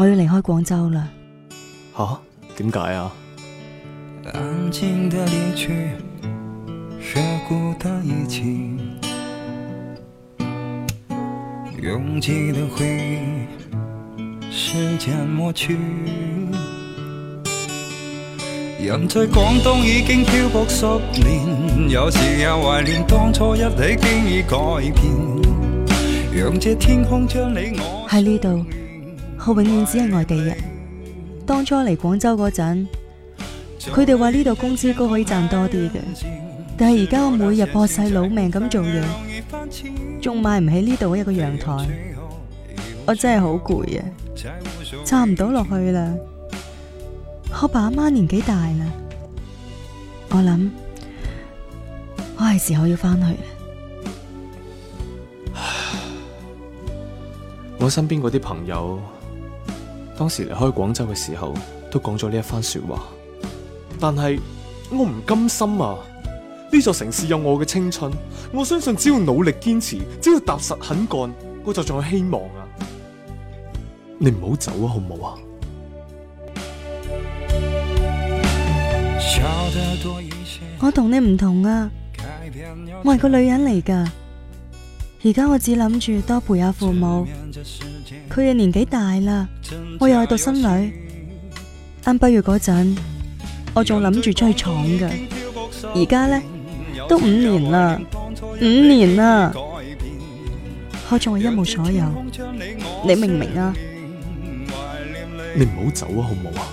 我要離開廣州啦！吓，點解啊？在呢度。我永遠只係外地人。當初嚟廣州嗰陣，佢哋話呢度工資高，可以賺多啲嘅，但係而家我每日搏晒老命咁做嘢，仲買唔起呢度一個陽台，我真係好攰啊，撐唔到落去啦。我爸阿媽年紀大啦，我諗我係時候要翻去啦。我身邊嗰啲朋友。當時離開廣州嘅時候，都講咗呢一番說話。但係我唔甘心啊！呢座城市有我嘅青春，我相信只要努力堅持，只要踏實肯幹，我就仲有希望啊！你唔好走啊，好唔好啊？我同你唔同啊，我係個女人嚟㗎。而家我只諗住多陪下父母，佢哋年紀大啦，我又係獨生女。啱畢業嗰陣，我仲諗住出去闖噶，而家咧都五年啦，五年啦，我仲係一無所有，你明唔明白啊？你唔好走啊，好唔好啊？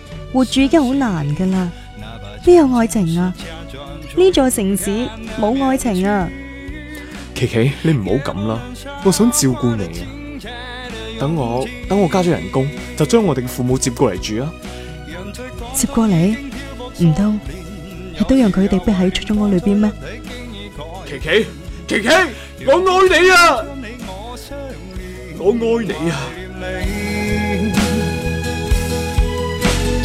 活住已經好難噶啦，邊有愛情啊？呢座城市冇愛情啊！琪琪，你唔好咁啦，我想照顧你啊！等我等我加咗人工，就將我哋嘅父母接過嚟住啊！接過嚟？唔通係都讓佢哋逼喺出租屋裏邊咩？琪琪，琪琪，我愛你啊！我愛你啊！